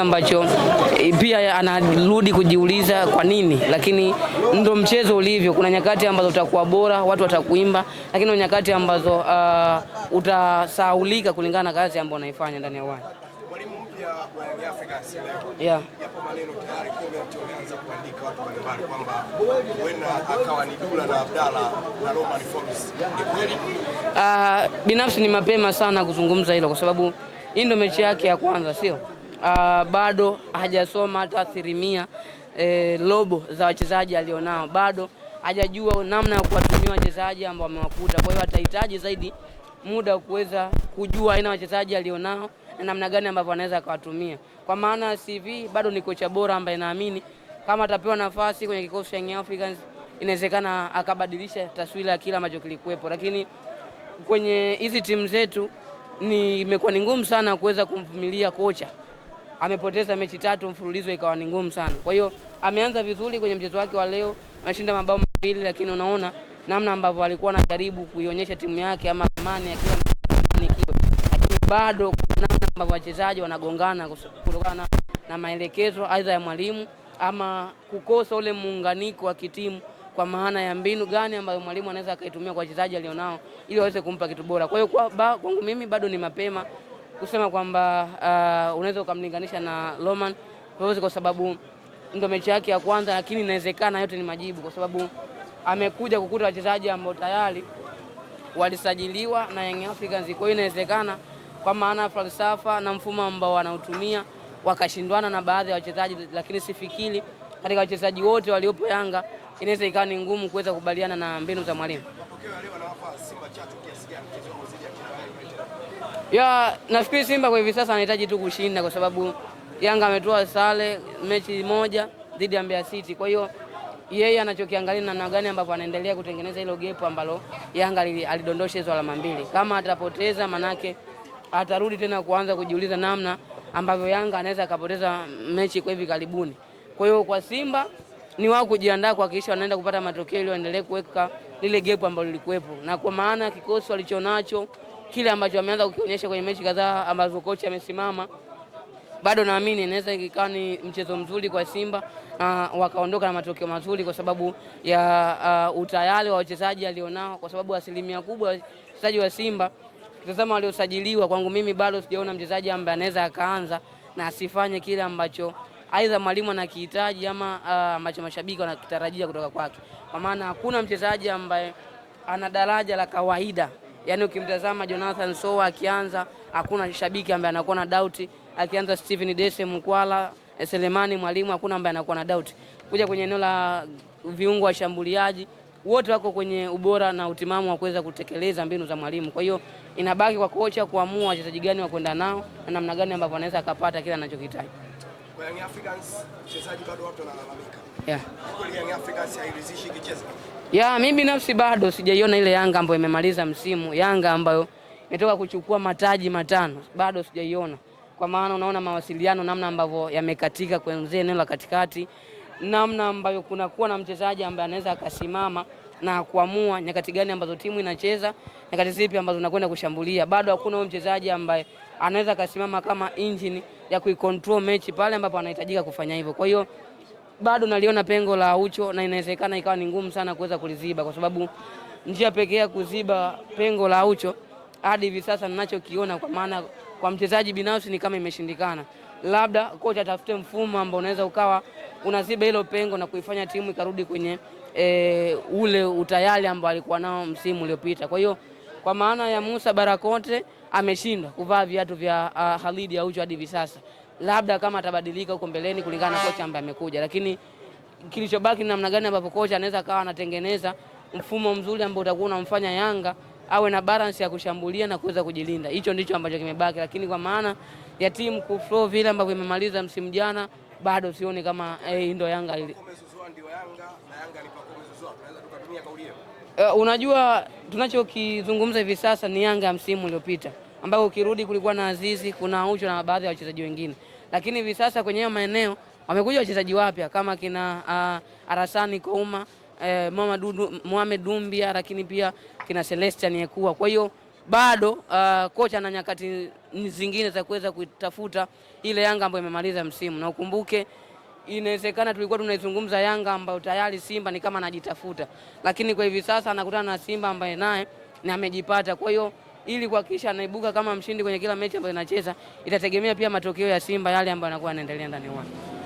ambacho eh, pia anarudi kujiuliza kwa nini, lakini ndo mchezo ulivyo. Kuna nyakati ambazo utakuwa bora, watu watakuimba, lakini nyakati ambazo uh, utasaulika kulingana na kazi ambayo unaifanya ndani ya uwanja. Uh, binafsi ni mapema sana kuzungumza hilo kwa sababu hii ndio mechi yake ya kwanza, sio uh, bado hajasoma hata asilimia eh, lobo za wachezaji alionao, bado hajajua namna ya kuwatumia wachezaji ambao amewakuta. Kwa hiyo atahitaji zaidi muda kuweza kujua aina wachezaji alionao na namna gani ambavyo anaweza akawatumia. Kwa maana CV bado ni kocha bora ambaye naamini kama atapewa nafasi kwenye kikosi cha Young Africans inawezekana akabadilisha taswira ya kila ambacho kilikuwepo, lakini kwenye hizi timu zetu ni imekuwa ni ngumu sana kuweza kumvumilia kocha amepoteza mechi tatu mfululizo ikawa ni ngumu sana. Kwa hiyo ameanza vizuri kwenye mchezo wake wa leo, ameshinda mabao mawili, lakini unaona namna ambavyo alikuwa anajaribu kuionyesha timu yake ama amani akiwa lakini bado namna ambavyo wachezaji wanagongana kutokana na, na maelekezo aidha ya mwalimu ama kukosa ule muunganiko wa kitimu kwa maana ya mbinu gani ambayo mwalimu anaweza akaitumia kwa wachezaji alionao ili waweze kumpa kitu bora. Kwa hiyo kwangu mimi bado ni mapema kusema kwamba uh, unaweza ukamlinganisha na Roman Rose kwa sababu ndo mechi yake ya kwanza, lakini inawezekana yote ni majibu, kwa sababu amekuja kukuta wachezaji ambao tayari walisajiliwa na Young Africans. Kwa hiyo inawezekana kwa maana falsafa na mfumo ambao wanautumia wakashindwana na baadhi ya wachezaji, lakini sifikiri katika wachezaji wote waliopo Yanga inaweza ikawa ni ngumu kuweza kukubaliana na mbinu za mwalimu. Ya, nafikiri Simba kwa hivi sasa anahitaji tu kushinda kwa sababu Yanga ametoa sare mechi moja dhidi ya Mbeya City. Kwa hiyo yeye anachokiangalia namna gani ambapo anaendelea kutengeneza hilo gepu ambalo Yanga alidondosha hizo alama mbili. Kama atapoteza manake atarudi tena kuanza kujiuliza namna ambavyo Yanga anaweza akapoteza mechi kwa hivi karibuni. Kwa hiyo kwa Simba ni wao kujiandaa kuhakikisha wanaenda kupata matokeo ili waendelee kuweka lile gepu ambalo lilikuwepo. Na kwa maana kikosi walichonacho kile ambacho ameanza kukionyesha kwenye mechi kadhaa ambazo kocha amesimama, bado naamini inaweza ikawa ni mchezo mzuri kwa Simba na uh, wakaondoka na matokeo mazuri kwa sababu ya uh, utayari wa wachezaji alionao, kwa sababu asilimia kubwa wachezaji wa Simba kitazama waliosajiliwa, kwangu mimi bado sijaona mchezaji ambaye anaweza akaanza na asifanye kile ambacho aidha mwalimu anakihitaji ama uh, ambacho uh, mashabiki wanakitarajia kutoka kwake, kwa maana hakuna mchezaji ambaye ana daraja la kawaida Yaani ukimtazama Jonathan Sowa akianza hakuna shabiki ambaye anakuwa na doubt, akianza Steven Dese Mkwala, Selemani Mwalimu hakuna ambaye anakuwa na doubt. Kuja kwenye eneo la viungo washambuliaji wote wako kwenye ubora na utimamu wa kuweza kutekeleza mbinu za mwalimu. Kwa hiyo inabaki kwa kocha kuamua wachezaji gani wa kwenda nao na namna gani ambavyo anaweza akapata kila anachokitaji Kwa Young Africans wachezaji bado watu wanalalamika. Ya, mimi binafsi bado sijaiona ile Yanga ambayo imemaliza msimu, Yanga ambayo imetoka kuchukua mataji matano, bado sijaiona. Kwa maana unaona mawasiliano namna ambavyo yamekatika kwenye eneo la katikati, namna ambayo kunakuwa na mchezaji ambaye anaweza akasimama na kuamua nyakati gani ambazo timu inacheza, nyakati zipi ambazo unakwenda kushambulia. Bado hakuna huyo mchezaji ambaye anaweza akasimama kama injini ya kuikontrol mechi pale ambapo anahitajika kufanya hivyo. Kwa hiyo bado naliona pengo la Aucho na inawezekana ikawa ni ngumu sana kuweza kuliziba, kwa sababu njia pekee ya kuziba pengo la Aucho hadi hivi sasa ninachokiona, kwa maana kwa mchezaji binafsi ni kama imeshindikana. Labda kocha atafute mfumo ambao unaweza ukawa unaziba hilo pengo na kuifanya timu ikarudi kwenye e, ule utayari ambao alikuwa nao msimu uliopita. Kwa hiyo kwa maana ya Musa Barakonte ameshindwa kuvaa viatu vya uh, Khalid Aucho hadi hivi sasa labda kama atabadilika huko mbeleni kulingana na kocha ambaye amekuja, lakini kilichobaki namna gani ambapo kocha anaweza kawa anatengeneza mfumo mzuri ambao utakuwa unamfanya Yanga awe na balance ya kushambulia na kuweza kujilinda. Hicho ndicho ambacho kimebaki, lakini kwa maana ya timu flow vile ambavyo imemaliza msimu jana, bado sioni kama hey, eh, ndo Yanga ile uh, eh, unajua tunachokizungumza hivi sasa ni Yanga ya msimu uliopita ambayo ukirudi kulikuwa na Azizi, kuna Aucho na baadhi ya wachezaji wengine, lakini hivi sasa kwenye hayo maeneo wamekuja wachezaji wapya kama kina uh, Arasani Kouma eh, Mama Dudu, Mohamed Dumbia, lakini pia kina Celestian Yekua. Kwa hiyo bado uh, kocha na nyakati zingine za kuweza kuitafuta ile Yanga ambayo imemaliza msimu, na ukumbuke inawezekana tulikuwa tunaizungumza Yanga ambayo tayari Simba ni kama anajitafuta, lakini kwa hivi sasa anakutana na Simba ambaye naye na amejipata. Kwa hiyo ili kuhakikisha anaibuka kama mshindi kwenye kila mechi ambayo inacheza. Itategemea pia matokeo ya Simba yale ambayo anakuwa anaendelea ndani uwanja.